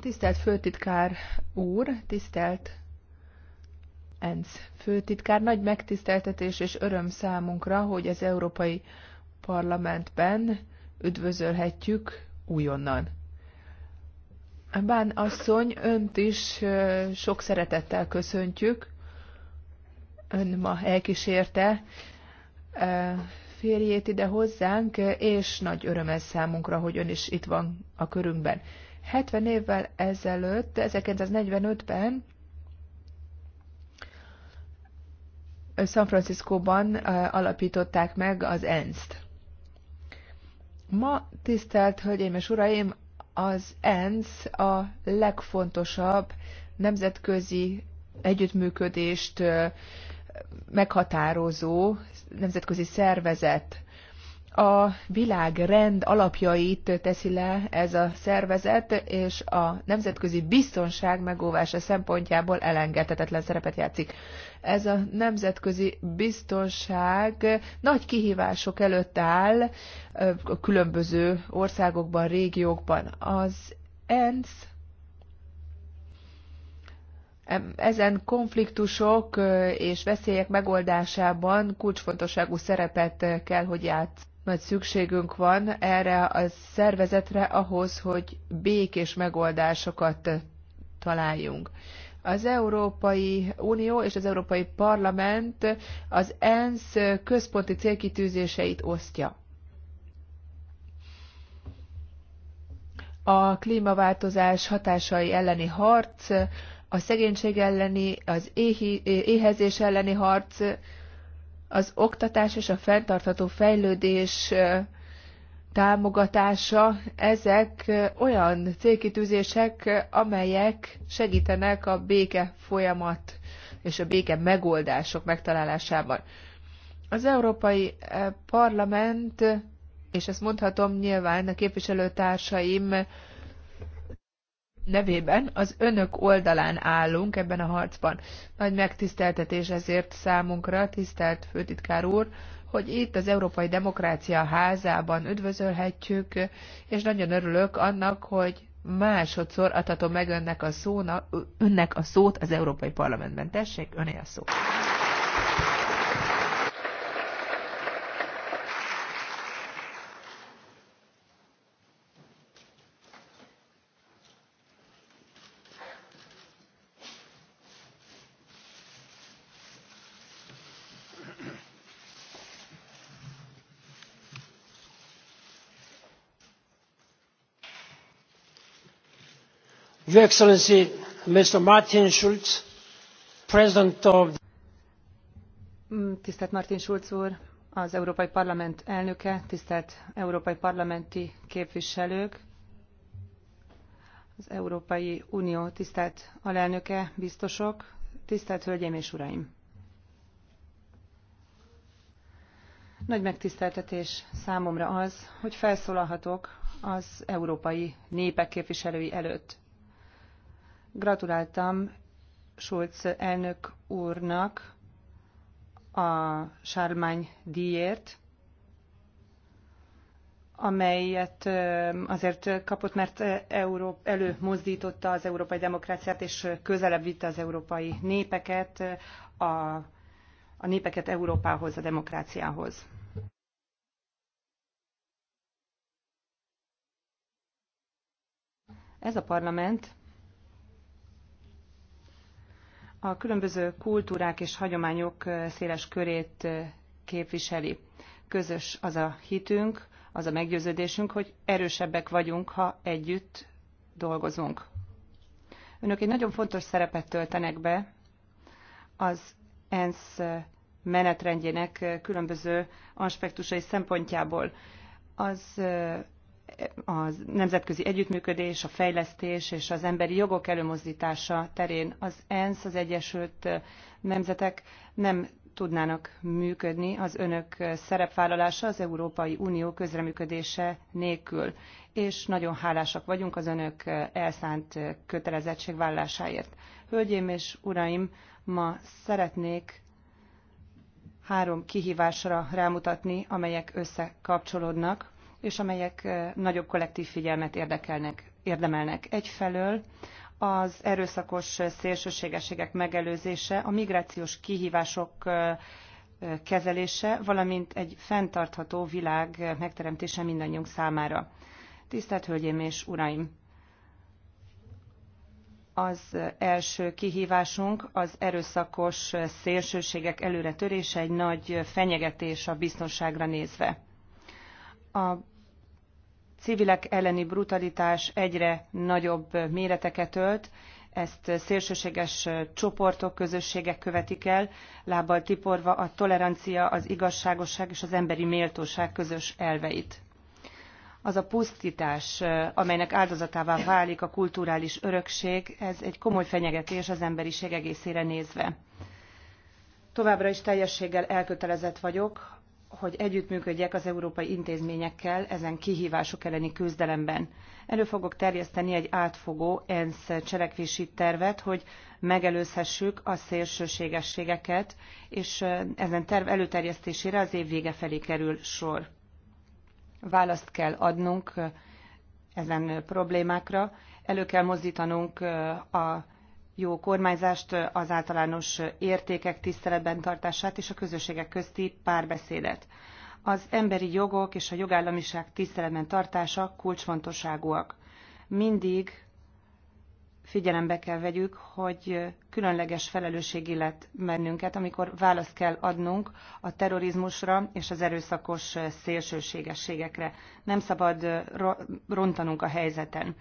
Tisztelt Főtitkár úr, tisztelt ENSZ Főtitkár, nagy megtiszteltetés és öröm számunkra, hogy az Európai Parlamentben üdvözölhetjük újonnan. Bán asszony, önt is sok szeretettel köszöntjük. Ön ma elkísérte férjét ide hozzánk, és nagy öröm ez számunkra, hogy ön is itt van a körünkben. 70 évvel ezelőtt, 1945-ben San Franciscóban alapították meg az ENSZ-t. Ma, tisztelt Hölgyeim és Uraim, az ENSZ a legfontosabb nemzetközi együttműködést meghatározó nemzetközi szervezet. A világrend alapjait teszi le ez a szervezet, és a nemzetközi biztonság megóvása szempontjából elengedhetetlen szerepet játszik. Ez a nemzetközi biztonság nagy kihívások előtt áll a különböző országokban, régiókban. Az ENSZ ezen konfliktusok és veszélyek megoldásában kulcsfontosságú szerepet kell, hogy játsz. Nagy szükségünk van erre a szervezetre ahhoz, hogy békés megoldásokat találjunk. Az Európai Unió és az Európai Parlament az ENSZ központi célkitűzéseit osztja. A klímaváltozás hatásai elleni harc, a szegénység elleni, az éhi, éhezés elleni harc, az oktatás és a fenntartható fejlődés támogatása, ezek olyan célkitűzések, amelyek segítenek a béke folyamat és a béke megoldások megtalálásában. Az Európai Parlament, és ezt mondhatom nyilván a képviselőtársaim nevében az önök oldalán állunk ebben a harcban. Nagy megtiszteltetés ezért számunkra, tisztelt főtitkár úr, hogy itt az Európai Demokrácia házában üdvözölhetjük, és nagyon örülök annak, hogy másodszor adhatom meg önnek a, szóna, önnek a szót az Európai Parlamentben. Tessék, öné a szót. Your Excellency, Mr. Martin Schulz, President of... Mm, tisztelt Martin Schulz úr, az Európai Parlament elnöke, tisztelt Európai Parlamenti képviselők, az Európai Unió tisztelt alelnöke, biztosok, tisztelt Hölgyeim és Uraim! Nagy megtiszteltetés számomra az, hogy felszólalhatok az európai népek képviselői előtt. Gratuláltam Schulz elnök úrnak a Sármány díjért, amelyet azért kapott, mert Európ előmozdította az európai demokráciát, és közelebb vitte az európai népeket, a, a népeket Európához, a demokráciához. Ez a parlament a különböző kultúrák és hagyományok széles körét képviseli. Közös az a hitünk, az a meggyőződésünk, hogy erősebbek vagyunk, ha együtt dolgozunk. Önök egy nagyon fontos szerepet töltenek be az ENSZ menetrendjének különböző aspektusai szempontjából. Az a nemzetközi együttműködés, a fejlesztés és az emberi jogok előmozdítása terén az ENSZ, az Egyesült Nemzetek nem tudnának működni az önök szerepvállalása az Európai Unió közreműködése nélkül, és nagyon hálásak vagyunk az önök elszánt kötelezettségvállásáért. Hölgyeim és uraim, ma szeretnék három kihívásra rámutatni, amelyek összekapcsolódnak és amelyek nagyobb kollektív figyelmet érdekelnek, érdemelnek. Egyfelől az erőszakos szélsőségességek megelőzése, a migrációs kihívások kezelése, valamint egy fenntartható világ megteremtése mindannyiunk számára. Tisztelt Hölgyeim és Uraim! Az első kihívásunk az erőszakos szélsőségek előretörése, egy nagy fenyegetés a biztonságra nézve. A civilek elleni brutalitás egyre nagyobb méreteket ölt, ezt szélsőséges csoportok, közösségek követik el, lábbal tiporva a tolerancia, az igazságosság és az emberi méltóság közös elveit. Az a pusztítás, amelynek áldozatává válik a kulturális örökség, ez egy komoly fenyegetés az emberiség egészére nézve. Továbbra is teljességgel elkötelezett vagyok hogy együttműködjek az európai intézményekkel ezen kihívások elleni küzdelemben. Elő fogok terjeszteni egy átfogó ENSZ cselekvési tervet, hogy megelőzhessük a szélsőségességeket, és ezen terv előterjesztésére az év vége felé kerül sor. Választ kell adnunk ezen problémákra, elő kell mozdítanunk a jó kormányzást, az általános értékek tiszteletben tartását és a közösségek közti párbeszédet. Az emberi jogok és a jogállamiság tiszteletben tartása kulcsfontosságúak. Mindig figyelembe kell vegyük, hogy különleges felelősség illet mennünket, amikor választ kell adnunk a terrorizmusra és az erőszakos szélsőségességekre. Nem szabad rontanunk a helyzeten.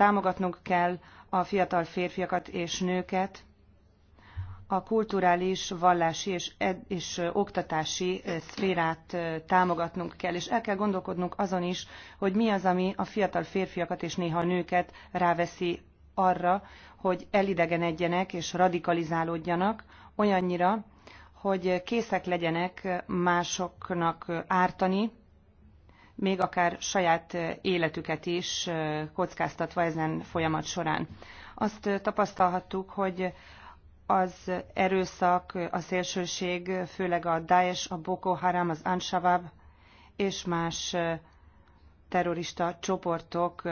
Támogatnunk kell a fiatal férfiakat és nőket a kulturális, vallási és, és oktatási szférát támogatnunk kell, és el kell gondolkodnunk azon is, hogy mi az, ami a fiatal férfiakat és néha a nőket ráveszi arra, hogy elidegenedjenek és radikalizálódjanak, olyannyira, hogy készek legyenek másoknak ártani, még akár saját életüket is kockáztatva ezen folyamat során. Azt tapasztalhattuk, hogy az erőszak, a szélsőség, főleg a Daesh, a Boko Haram, az Anshabab és más terrorista csoportok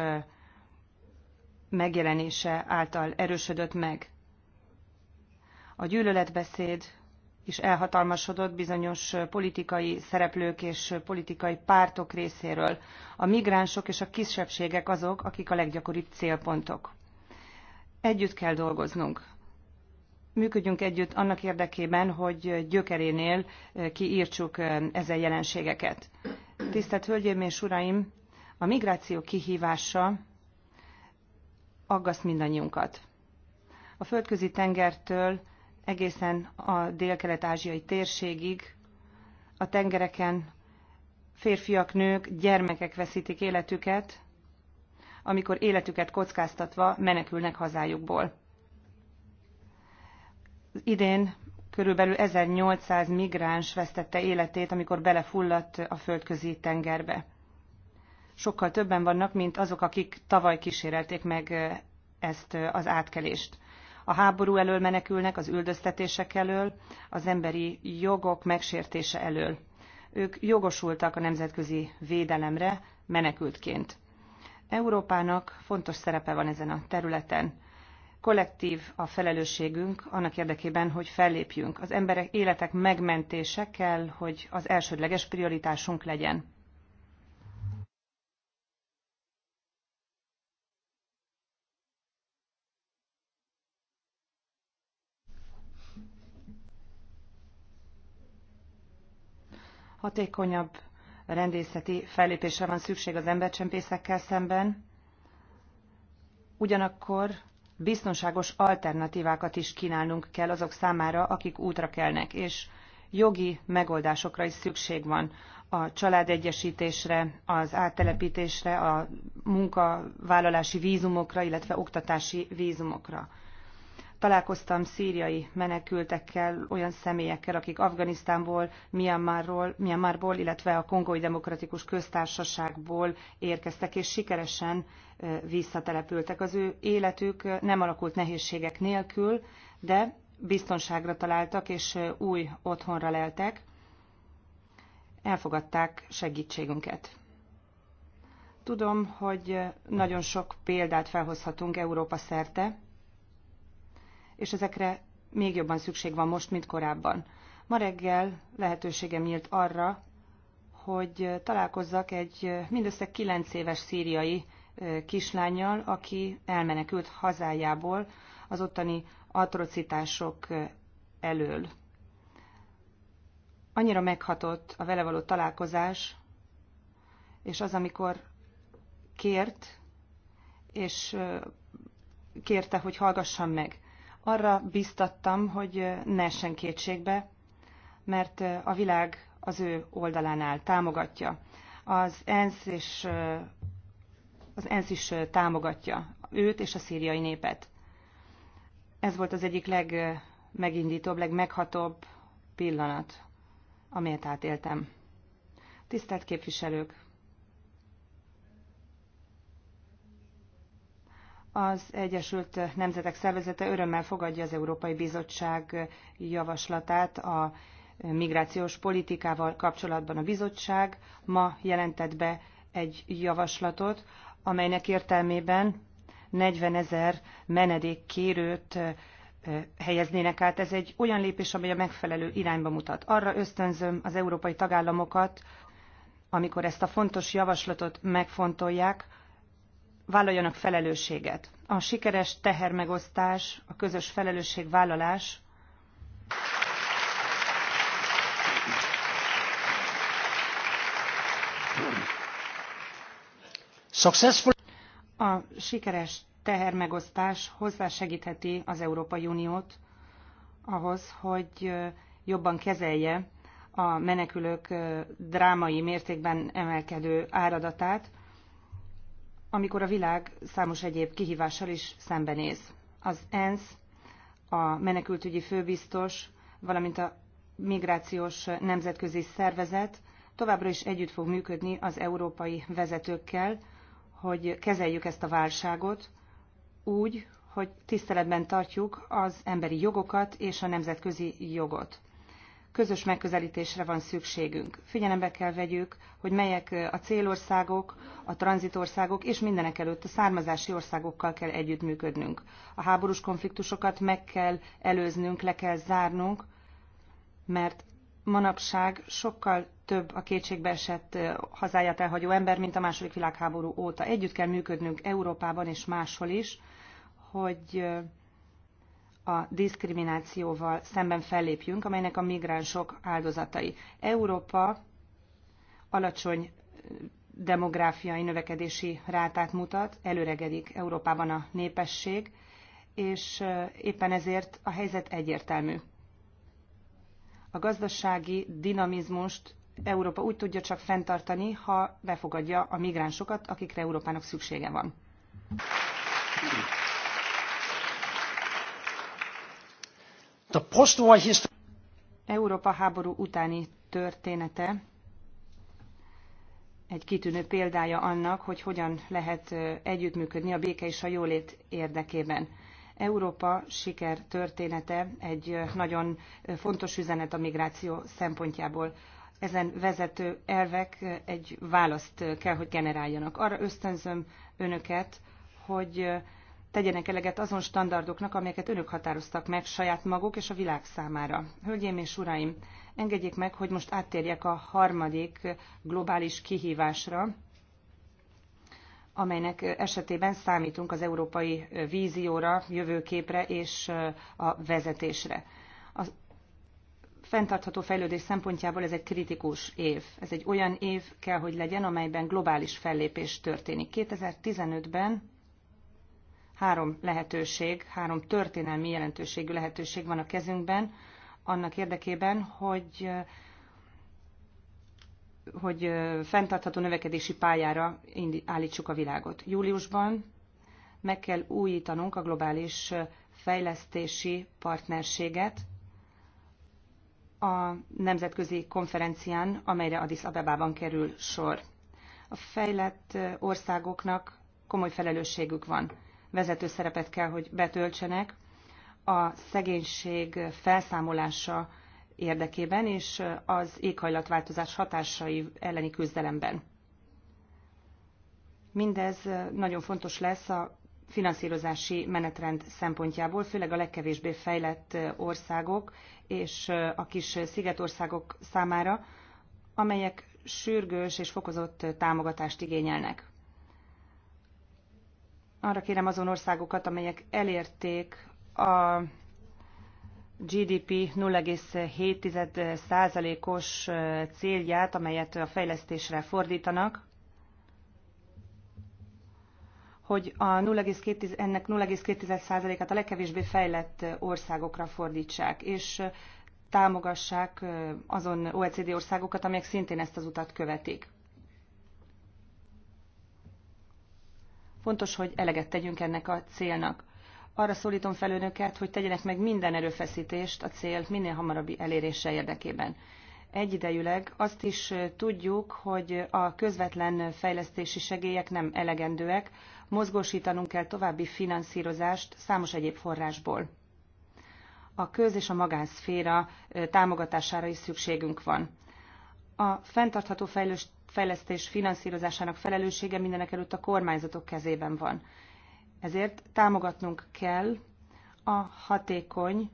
megjelenése által erősödött meg. A gyűlöletbeszéd, is elhatalmasodott bizonyos politikai szereplők és politikai pártok részéről. A migránsok és a kisebbségek azok, akik a leggyakoribb célpontok. Együtt kell dolgoznunk. Működjünk együtt annak érdekében, hogy gyökerénél kiírtsuk ezen jelenségeket. Tisztelt Hölgyeim és Uraim, a migráció kihívása aggaszt mindannyiunkat. A földközi tengertől egészen a dél-kelet-ázsiai térségig a tengereken férfiak, nők, gyermekek veszítik életüket, amikor életüket kockáztatva menekülnek hazájukból. Idén körülbelül 1800 migráns vesztette életét, amikor belefulladt a földközi tengerbe. Sokkal többen vannak, mint azok, akik tavaly kísérelték meg ezt az átkelést a háború elől menekülnek, az üldöztetések elől, az emberi jogok megsértése elől. Ők jogosultak a nemzetközi védelemre menekültként. Európának fontos szerepe van ezen a területen. Kollektív a felelősségünk annak érdekében, hogy fellépjünk. Az emberek életek megmentése kell, hogy az elsődleges prioritásunk legyen. Hatékonyabb rendészeti fellépésre van szükség az embercsempészekkel szemben, ugyanakkor biztonságos alternatívákat is kínálnunk kell azok számára, akik útra kelnek, és jogi megoldásokra is szükség van a családegyesítésre, az áttelepítésre, a munkavállalási vízumokra, illetve oktatási vízumokra. Találkoztam szíriai menekültekkel, olyan személyekkel, akik Afganisztánból, Myanmarról, Myanmarból, illetve a Kongói Demokratikus Köztársaságból érkeztek, és sikeresen visszatelepültek. Az ő életük nem alakult nehézségek nélkül, de biztonságra találtak, és új otthonra leltek. Elfogadták segítségünket. Tudom, hogy nagyon sok példát felhozhatunk Európa szerte, és ezekre még jobban szükség van most, mint korábban. Ma reggel lehetőségem nyílt arra, hogy találkozzak egy mindössze 9 éves szíriai kislányjal, aki elmenekült hazájából az ottani atrocitások elől. Annyira meghatott a vele való találkozás, és az, amikor kért, és kérte, hogy hallgassam meg arra biztattam, hogy ne essen kétségbe, mert a világ az ő oldalán áll, támogatja. Az ENSZ, és, az ENSZ is támogatja őt és a szíriai népet. Ez volt az egyik legmegindítóbb, legmeghatóbb pillanat, amelyet átéltem. Tisztelt képviselők! Az Egyesült Nemzetek Szervezete örömmel fogadja az Európai Bizottság javaslatát a migrációs politikával kapcsolatban. A bizottság ma jelentett be egy javaslatot, amelynek értelmében 40 ezer menedékkérőt helyeznének át. Ez egy olyan lépés, amely a megfelelő irányba mutat. Arra ösztönzöm az európai tagállamokat, amikor ezt a fontos javaslatot megfontolják, vállaljanak felelősséget. A sikeres tehermegosztás, a közös felelősségvállalás A sikeres tehermegosztás hozzásegítheti az Európai Uniót ahhoz, hogy jobban kezelje a menekülők drámai mértékben emelkedő áradatát, amikor a világ számos egyéb kihívással is szembenéz. Az ENSZ, a menekültügyi főbiztos, valamint a migrációs nemzetközi szervezet továbbra is együtt fog működni az európai vezetőkkel, hogy kezeljük ezt a válságot úgy, hogy tiszteletben tartjuk az emberi jogokat és a nemzetközi jogot közös megközelítésre van szükségünk. Figyelembe kell vegyük, hogy melyek a célországok, a tranzitországok és mindenek előtt a származási országokkal kell együttműködnünk. A háborús konfliktusokat meg kell előznünk, le kell zárnunk, mert manapság sokkal több a kétségbeesett hazáját elhagyó ember, mint a második világháború óta. Együtt kell működnünk Európában és máshol is, hogy a diszkriminációval szemben fellépjünk, amelynek a migránsok áldozatai. Európa alacsony demográfiai növekedési rátát mutat, előregedik Európában a népesség, és éppen ezért a helyzet egyértelmű. A gazdasági dinamizmust Európa úgy tudja csak fenntartani, ha befogadja a migránsokat, akikre Európának szüksége van. The post-war history... Európa háború utáni története egy kitűnő példája annak, hogy hogyan lehet együttműködni a béke és a jólét érdekében. Európa siker története egy nagyon fontos üzenet a migráció szempontjából. Ezen vezető elvek egy választ kell, hogy generáljanak. Arra ösztönzöm önöket, hogy tegyenek eleget azon standardoknak, amelyeket önök határoztak meg saját maguk és a világ számára. Hölgyeim és uraim, engedjék meg, hogy most áttérjek a harmadik globális kihívásra, amelynek esetében számítunk az európai vízióra, jövőképre és a vezetésre. A fenntartható fejlődés szempontjából ez egy kritikus év. Ez egy olyan év kell, hogy legyen, amelyben globális fellépés történik. 2015-ben Három lehetőség, három történelmi jelentőségű lehetőség van a kezünkben, annak érdekében, hogy hogy fenntartható növekedési pályára állítsuk a világot. Júliusban meg kell újítanunk a globális fejlesztési partnerséget a nemzetközi konferencián, amelyre Addis Abebában kerül sor. A fejlett országoknak komoly felelősségük van vezető szerepet kell, hogy betöltsenek a szegénység felszámolása érdekében és az éghajlatváltozás hatásai elleni küzdelemben. Mindez nagyon fontos lesz a finanszírozási menetrend szempontjából, főleg a legkevésbé fejlett országok és a kis szigetországok számára, amelyek sürgős és fokozott támogatást igényelnek. Arra kérem azon országokat, amelyek elérték a GDP 0,7%-os célját, amelyet a fejlesztésre fordítanak, hogy a 0,2, ennek 0,2%-át a legkevésbé fejlett országokra fordítsák, és támogassák azon OECD országokat, amelyek szintén ezt az utat követik. Fontos, hogy eleget tegyünk ennek a célnak. Arra szólítom fel önöket, hogy tegyenek meg minden erőfeszítést a cél minél hamarabbi elérése érdekében. Egyidejűleg azt is tudjuk, hogy a közvetlen fejlesztési segélyek nem elegendőek, mozgósítanunk kell további finanszírozást számos egyéb forrásból. A köz- és a magánszféra támogatására is szükségünk van. A fenntartható fejlesztés finanszírozásának felelőssége mindenek előtt a kormányzatok kezében van. Ezért támogatnunk kell a hatékony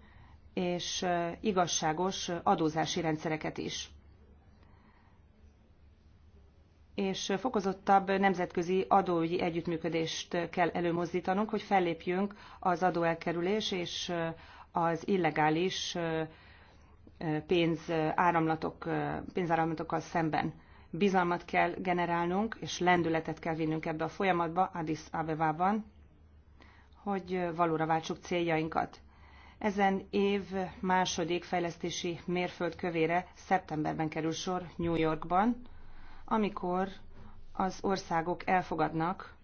és igazságos adózási rendszereket is. És fokozottabb nemzetközi adóügyi együttműködést kell előmozdítanunk, hogy fellépjünk az adóelkerülés és az illegális pénz áramlatok, pénzáramlatokkal szemben bizalmat kell generálnunk, és lendületet kell vinnünk ebbe a folyamatba, Addis Abebában, hogy valóra váltsuk céljainkat. Ezen év második fejlesztési mérföldkövére szeptemberben kerül sor New Yorkban, amikor az országok elfogadnak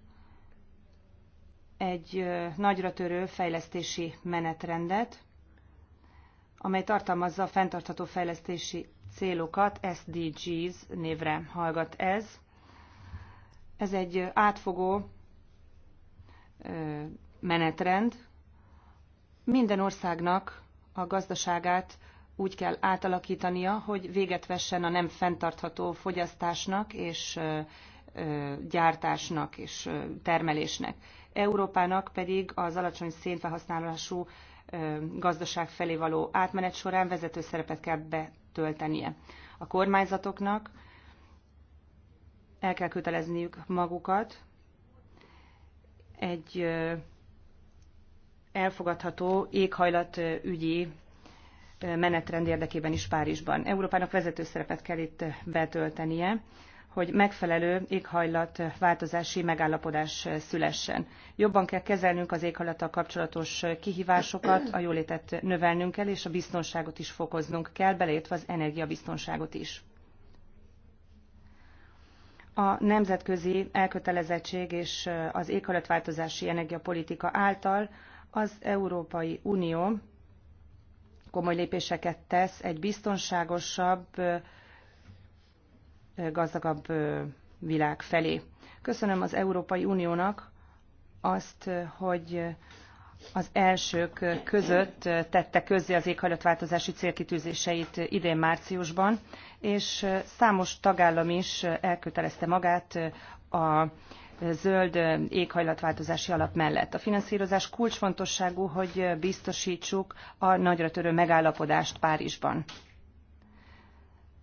egy nagyra törő fejlesztési menetrendet, amely tartalmazza a fenntartható fejlesztési célokat, SDGs névre hallgat ez. Ez egy átfogó menetrend. Minden országnak a gazdaságát úgy kell átalakítania, hogy véget vessen a nem fenntartható fogyasztásnak és gyártásnak és termelésnek. Európának pedig az alacsony szénfelhasználású gazdaság felé való átmenet során vezető szerepet kell be töltenie. A kormányzatoknak el kell kötelezniük magukat egy elfogadható éghajlatügyi menetrend érdekében is Párizsban. Európának vezető szerepet kell itt betöltenie, hogy megfelelő éghajlat változási megállapodás szülessen. Jobban kell kezelnünk az éghajlattal kapcsolatos kihívásokat, a jólétet növelnünk kell, és a biztonságot is fokoznunk kell, beleértve az energiabiztonságot is. A nemzetközi elkötelezettség és az éghajlatváltozási energiapolitika által az Európai Unió komoly lépéseket tesz egy biztonságosabb, gazdagabb világ felé. Köszönöm az Európai Uniónak azt, hogy az elsők között tette közzé az éghajlatváltozási célkitűzéseit idén márciusban, és számos tagállam is elkötelezte magát a zöld éghajlatváltozási alap mellett. A finanszírozás kulcsfontosságú, hogy biztosítsuk a nagyra törő megállapodást Párizsban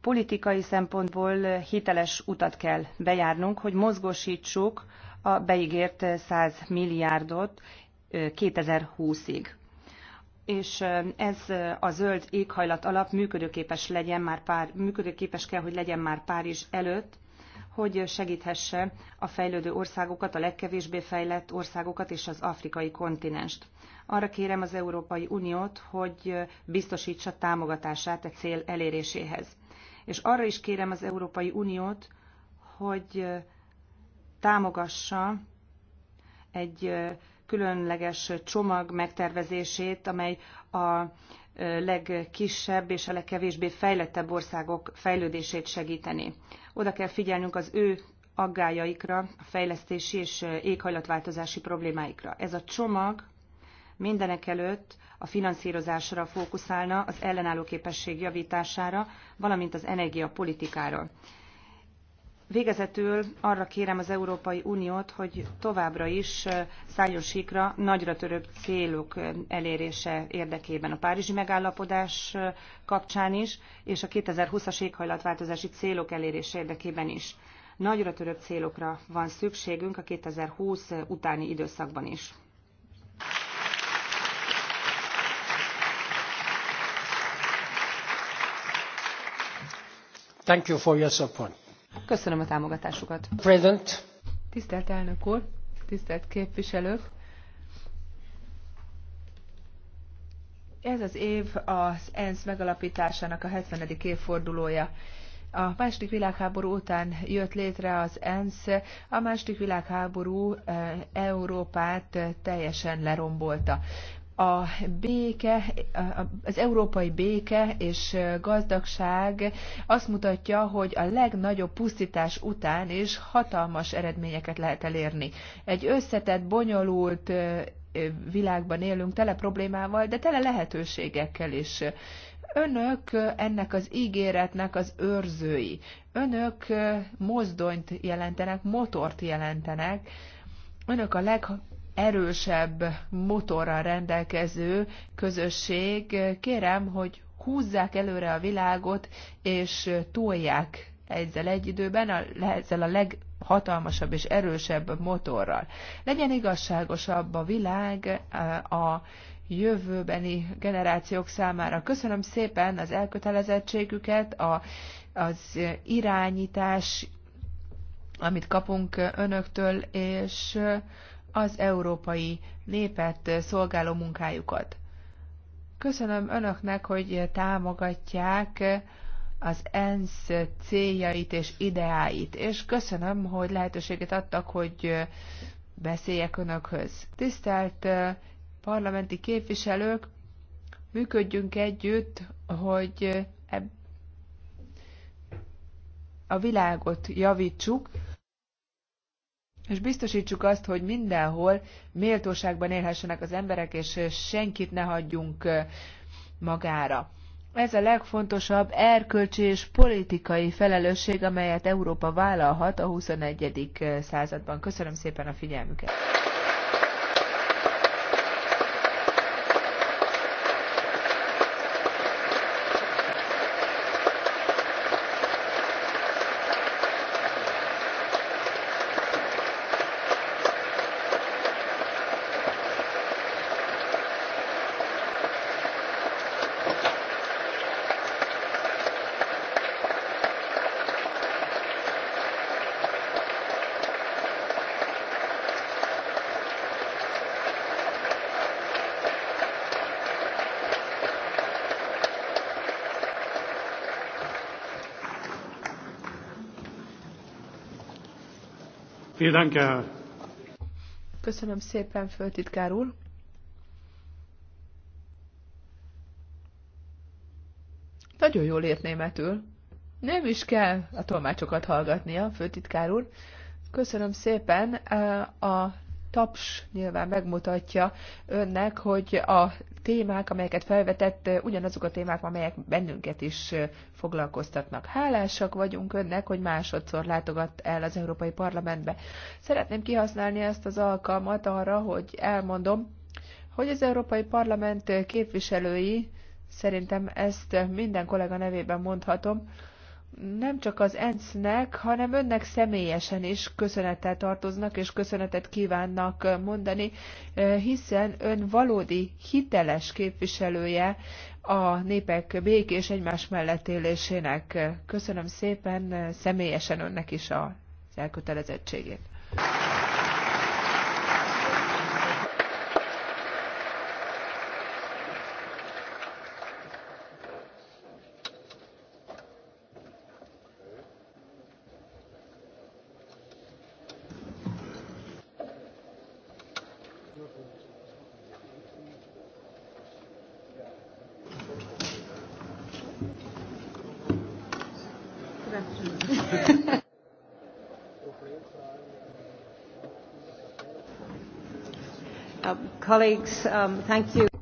politikai szempontból hiteles utat kell bejárnunk, hogy mozgósítsuk a beígért 100 milliárdot 2020-ig. És ez a zöld éghajlat alap működőképes, legyen már pár, működőképes kell, hogy legyen már Párizs előtt, hogy segíthesse a fejlődő országokat, a legkevésbé fejlett országokat és az afrikai kontinenst. Arra kérem az Európai Uniót, hogy biztosítsa támogatását a e cél eléréséhez és arra is kérem az Európai Uniót, hogy támogassa egy különleges csomag megtervezését, amely a legkisebb és a legkevésbé fejlettebb országok fejlődését segíteni. Oda kell figyelnünk az ő aggájaikra, a fejlesztési és éghajlatváltozási problémáikra. Ez a csomag mindenek előtt a finanszírozásra fókuszálna, az ellenálló képesség javítására, valamint az energiapolitikára. Végezetül arra kérem az Európai Uniót, hogy továbbra is szálljon síkra nagyra törőbb célok elérése érdekében a Párizsi megállapodás kapcsán is, és a 2020-as éghajlatváltozási célok elérése érdekében is. Nagyra törőbb célokra van szükségünk a 2020 utáni időszakban is. Köszönöm a támogatásukat. Tisztelt elnök úr, tisztelt képviselők! Ez az év az ENSZ megalapításának a 70. évfordulója. A második világháború után jött létre az ENSZ, a második világháború eh, Európát eh, teljesen lerombolta a béke, az európai béke és gazdagság azt mutatja, hogy a legnagyobb pusztítás után is hatalmas eredményeket lehet elérni. Egy összetett, bonyolult világban élünk, tele problémával, de tele lehetőségekkel is. Önök ennek az ígéretnek az őrzői. Önök mozdonyt jelentenek, motort jelentenek. Önök a leg erősebb motorral rendelkező közösség. Kérem, hogy húzzák előre a világot, és tolják ezzel egy időben, a, ezzel a leghatalmasabb és erősebb motorral. Legyen igazságosabb a világ eh, a jövőbeni generációk számára. Köszönöm szépen az elkötelezettségüket, a, az irányítás, amit kapunk önöktől, és az európai népet szolgáló munkájukat. Köszönöm Önöknek, hogy támogatják az ENSZ céljait és ideáit, és köszönöm, hogy lehetőséget adtak, hogy beszéljek Önökhöz. Tisztelt parlamenti képviselők, működjünk együtt, hogy a világot javítsuk, és biztosítsuk azt, hogy mindenhol méltóságban élhessenek az emberek, és senkit ne hagyjunk magára. Ez a legfontosabb erkölcsi és politikai felelősség, amelyet Európa vállalhat a 21. században. Köszönöm szépen a figyelmüket! Köszönöm szépen, főtitkár úr. Nagyon jól ért németül. Nem is kell a tolmácsokat hallgatnia, főtitkár úr. Köszönöm szépen. Eh, a taps nyilván megmutatja önnek, hogy a témák, amelyeket felvetett, ugyanazok a témák, amelyek bennünket is foglalkoztatnak. Hálásak vagyunk önnek, hogy másodszor látogat el az Európai Parlamentbe. Szeretném kihasználni ezt az alkalmat arra, hogy elmondom, hogy az Európai Parlament képviselői, szerintem ezt minden kollega nevében mondhatom, nem csak az ENSZ-nek, hanem önnek személyesen is köszönettel tartoznak és köszönetet kívánnak mondani, eh, hiszen ön valódi hiteles képviselője a népek békés egymás mellett élésének. Köszönöm szépen eh, személyesen önnek is a elkötelezettségét. colleagues, um, thank you.